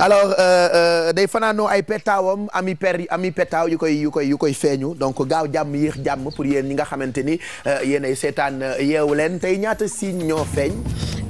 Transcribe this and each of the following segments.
alors euh, euh, day fanaanoo ay pétaawam ami per ami pétaaw yu koy yu koy yu koy feeñu donc gaaw jàmm yéex jàmm pour yéen ñi nga xamante ni euh, yéen ay seetaan yeewu leen tey ñaata signe ñoo feeñ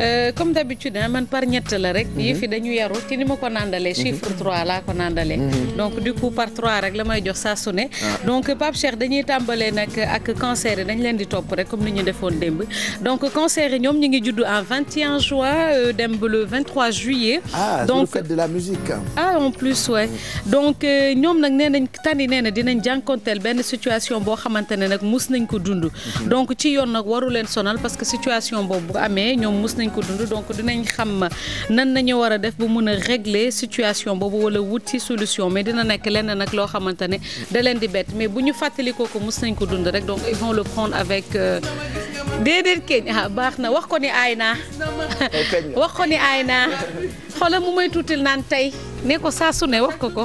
Euh, comme d'habitude hein, man par ñett la rek. Mhm. yii fi dañu yaru ci ni ma ko nandalee. Mhm. chiffre 3 laa ko nandalee. Mhm. donc du coup par 3 rek la may jox sa su ne. Ah. donc Pape Cheikh dañuy tàmbalee nag ak cancer yi dañ leen di topp rek comme ni ñu defoon démb. donc cancer yi ñoom ñu ngi juddu en 21 juin euh, dem ba le 23 juillet. ah donc de la musique. Ah, plus ouais donc euh, ñoom nag nee nañ tànn nee na dinañ jànkonteel benn situation boo xamante ne nag mus nañ ko dund. donc ci yoon nag waru leen sonal parce que situation boobu bu dinañ ko donc dinañ xam nan nañu war a def ba mun a régler situation boobu wala wut ci solution mais dina nekk lenn nag loo xamante ne da leen di bett mais bu ñu fàttali ko ko mos nañ ko dund rek donc ils vont le prendre avec euh, déedéet keñ ah, baax na wax ko ni aay naa wax ko ni aay naa xoolal mu may tuutil naan tey ne ko saa ne wax ko ko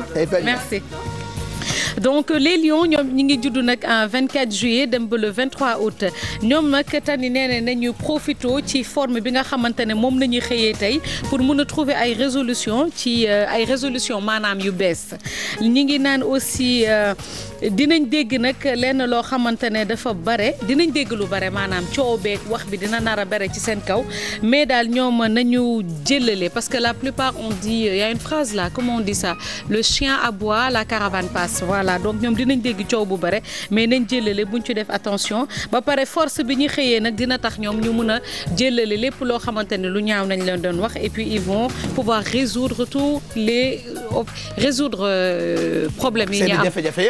donc les lions ñoom ñi ngi juddu nag en 24 juillet dem ba le 23 août ñoom nag tani nee nañu profito ci forme bi nga xamante ne moom nañuy xëyee tey pour mun a trouver ay résolution ci euh, ay résolution maanaam yu bees ñi ngi naan aussi euh, dinañ dégg nag lenn loo xamante ne dafa bare dinañ dégg lu bare maanaam coow beeg wax bi dina nar a bare ci seen kaw mais daal ñoom nañu jëlale parce que la plupart on dit y a une phrase là comment on dit ça le chien aboie la caravane voilà donc ñoom dinañ dégg coow bu bare mais nañ jëlale buñ ci def attention ba pare force bi ñu xëyee nag dina tax ñoom ñu mun a jëlale lépp loo xamante ne lu ñaaw nañ leen doon wax et puis ils vont pouvoir résoudre tout les résoudre euh, problèmes yi ñu am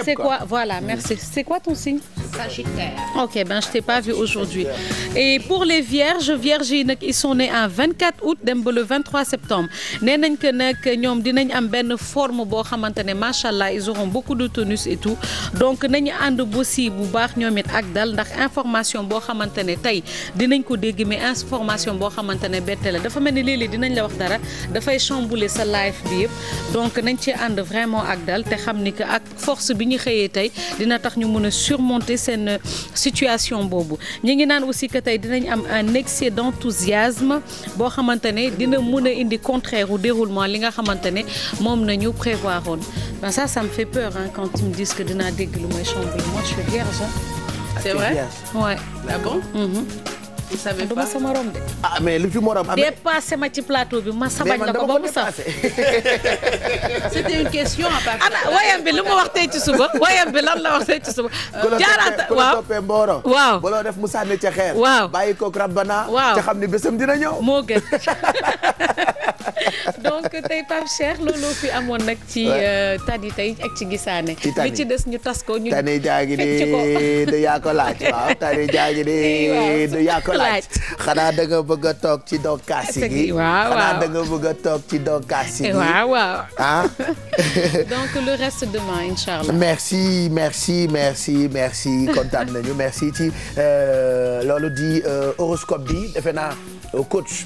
c'est quoi voilà merci c'est quoi ton signe Sagittaire. Ok, pour les vierges, vierges yi nag ils sont nés en 24 août dem ba le 23 septembre nee nañ que ñoom dinañ am benn forme boo xamante ne macha allah ils auront beaucoup de tonus et tout donc nañu ànd bossi bu baax ñoom it ak dal ndax information boo xamante ne tey dinañ ko dégg mais information boo xamante ne bette la dafa mel ni léeg-léeg dinañ la wax dara dafay chambouler sa life bi yëpp donc nañ ci ànd vraiment ak dal te xam ni que ak force bi ñu xëyee tey dina tax ñu mën su surmonter. seen euh, situation boobu ñu ngi naan aussi que tey dinañ am un excès d'enthousiasme boo xamante ne dina mun a indi contraire au déroulement li nga xamante ne moom nañu prévoir woon ben ça ça me fait peur hein, quand ils me disent que dinaa dégg lu mooy chamboulement moi je suis vierge. c'est vrai ouais. ah bon. Mm-hmm. vous savez ma de. ah mais li ci morom amee. dépassé ma ci plateau bi ma sabañ la ko ba mu saf. c'était une question à ana wayam bi lu mu wax ci suba wayam bi lan la wax tey ci suba. jaaraata waaw ku waaw ba def mu sànni ca xeer. waaw bàyyi koog rabbana. waaw te xam ni bésam dina ñëw. moo donc tey Pape Cheikh loolu fi amoon nag ci euh, tàddi tey ak ci gisaane. ci ci des ñu tas ko ñu. tànn jaagi de du waaw tànn jaagi de du xanaa da nga bëgg a toog ci doog kaasi gi. waaw waaw da nga bëgg a toog ci doog kaasi gi. waaw waaw ah. donc le reste demain incha allah. merci merci merci merci kontaan nañu merci ci euh, loolu di euh, horoscope bi defe naa coach.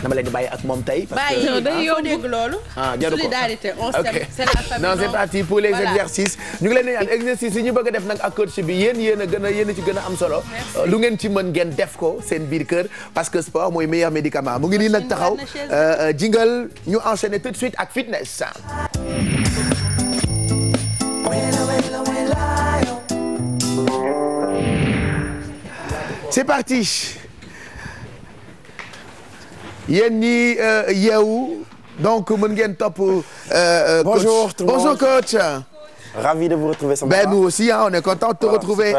dama leen di bàyyi ak moom tey. parce que ah day loolu. ah jaru ko solidarité on non c'est parti pour les exercices. ñu ngi leen di ñaan exercice yi ñu bëgg def nag ak coach bi yéen yéen a gën a yéen ci gën am solo. Euh, lu ngeen ci mën ngeen def ko seen biir kër parce que sport mooy meilleur médicament mu ngi nii nag taxaw euh, euh, jingle ñu enchaîner tout de suite ak fitness. c'est parti. yéen ñi euh, yeewu donc mën ngeen topp. Euh, euh, bonjour tout le monde bonjour coach. ravi de vous retrouver ce matin. nous aussi on est content de retrouver.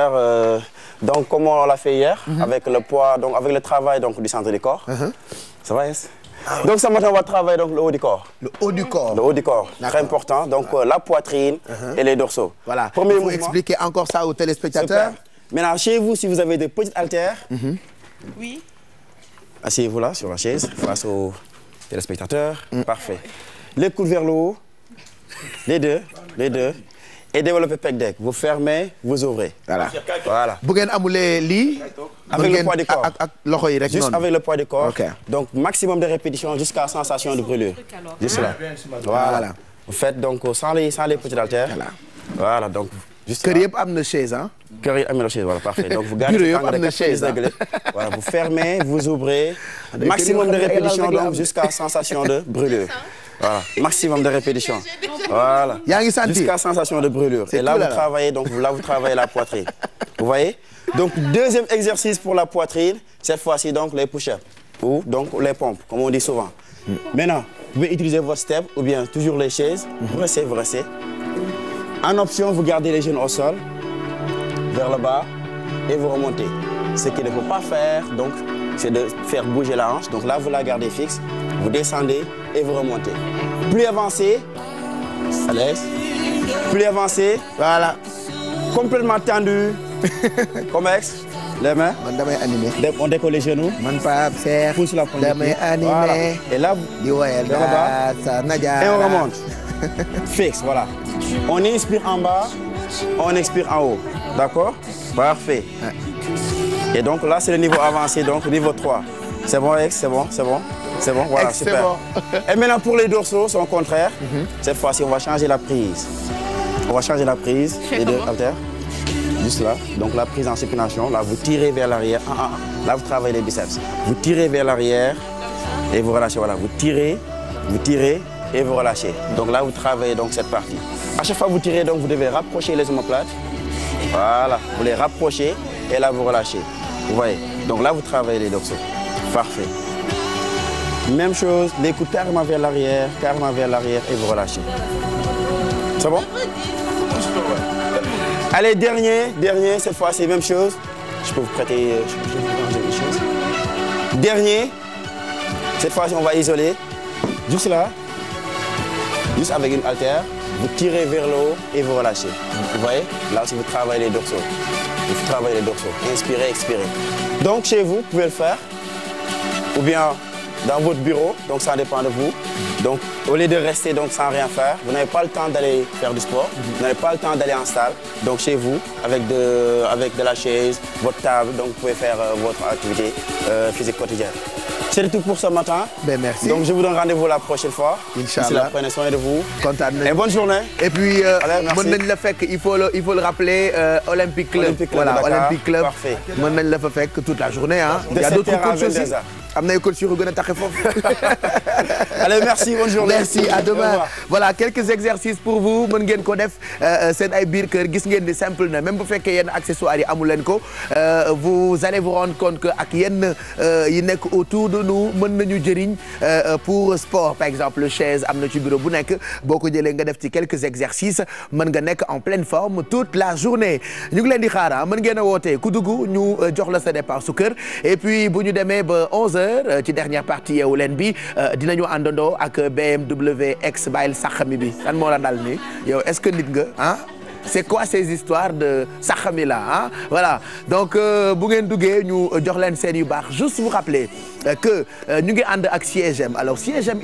donc comme l'a fait hier. Mm -hmm. avec le poids donc avec le travail donc du centre du corps. Mm -hmm. ça va yes? ah, donc ce matin on va travailler le haut très important donc la poitrine. Mhm. et les dorsaux. voilà premier mouvement il faut expliquer encore chez vous si vous avez des petites haltères. Mhm. Asseyez-vous là sur la face aux téléspectateurs. Mm. Parfait. Les coudes vers le haut. Les deux, les deux. et développer pec deck. Vous fermez, vous ouvrez. voilà voilà. bu ngeen amulee lii. avec le poids du corps ak loxo yi rek noonu. juste avec le poids du corps. ok donc maximum de répétition jusqu'à sensation de brûlure. juste là voilà. vous faites donc sans les sans les petits haltères. voilà donc. kër yëpp am na chaise ah. kër yëpp am na chaise voilà parfait donc vous gardez en de 90 degrés voilà vous fermez vous ouvrez. maximum de répétition donc jusqu'à sensation de brûlure. et là vous travaillez là vous travaillez la poitrine. vous voyez deuxième exercice pour la poitrine cette fois-ci donc les push-ups ou donc les pompes comme on dit souvent. maintenant vous pouvez votre step ou bien toujours les chaises. brosser brosser. En option, vous gardez les genoux au sol, vers le bas, et vous remontez. Ce qu'il ne faut pas faire, donc, c'est de faire bouger la hanche. Donc là, vous la gardez fixe, vous descendez et vous remontez. Plus avancé, à l'aise. Plus avancé, voilà. Complètement tendu. Comex, les mains. Man damay animé. On décolle les genoux. Man Pape Serre. Pousse la pointe. Damay animé. Voilà. Et là, vous... Et on remonte. Fixe, voilà. On inspire en bas, on expire en haut. D'accord Parfait. Et donc là, c'est le niveau avancé, donc niveau 3. C'est bon, Ex, c'est bon, c'est bon. C'est bon, voilà, Ex, super. Bon. Et maintenant, pour les dorsaux, c'est au contraire. Mm -hmm. Cette fois-ci, on va changer la prise. On va changer la prise, les deux haltères. Juste là. Donc la prise en circulation, là, vous tirez vers l'arrière. Ah, ah, ah. Là, vous travaillez les biceps. Vous tirez vers l'arrière et vous relâchez, voilà. Vous tirez, vous tirez, et vous relâchez. Donc là, vous travaillez donc cette partie. À chaque fois que vous tirez, donc vous devez rapprocher les omoplates. Voilà, vous les rapprochez et là, vous relâchez. Vous voyez Donc là, vous travaillez les dorsaux. Parfait. Même chose, les coups carrément vers l'arrière, carrément vers l'arrière et vous relâchez. C'est bon Allez, dernier, dernier, cette fois, c'est la même chose. Je peux vous prêter... Euh, dernier, cette fois, on va isoler. Juste là, Juste avec une haltère, vous tirez vers le haut et vous relâchez. Vous voyez Là aussi, vous travaillez les dorsaux. Vous travaillez les dorsaux. Inspirez, expirez. Donc, chez vous, vous pouvez le faire. Ou bien dans votre bureau, donc ça dépend de vous. Donc, au lieu de rester donc, sans rien faire, vous n'avez pas le temps d'aller faire du sport, vous n'avez pas le temps d'aller en salle. Donc, chez vous, avec de, avec de la chaise, votre table, donc vous pouvez faire euh, votre activité euh, physique quotidienne. c'est tout pour ce matin. Ben merci. Donc je vous donne rendez la prochaine fois. Inch'Allah. Prenez soin bonne journée. Et puis euh, mën nañ la fekk il faut le il faut le rappeler euh, Olympique Club. Olympique Club voilà Olympique Club. Parfait. la fa fekk toute la journée Il y a d'autres coachs aussi. am na ay culture yu gën a taxe foofu. allez merci bonne journée. merci à demain voilà quelques euh, euh, seen ay biir kër gis ngeen ni simple na même bu fekkee yenn accessoires yi amul leen ko euh, vous allez vous rendre compte que ak yenn yi nekk autour de nous mën nañu jëriñ pour sport par exemple chaise am na ci bureau bu nekk boo ko jëlee nga def ci quelques exercices mën nga nekk en pleine forme toute la journée ñu ngi leen di xaar ah. mën ngeen a woote ku dugg ñu jox la sa départ su kër et puis bu ñu demee ba heures euh, ci dernière partie yeewu leen bi euh, dinañu àndandoo ak BMW ex bàyyil saxami bi lan moo la dal ni yow est-ce que nit nga ah c'est quoi ces histoires de saxami la ah voilà donc euh, bu ngeen duggee ñu jox leen seen yu baax juste vous rappeler que ñu ngi ànd ak siège alors siège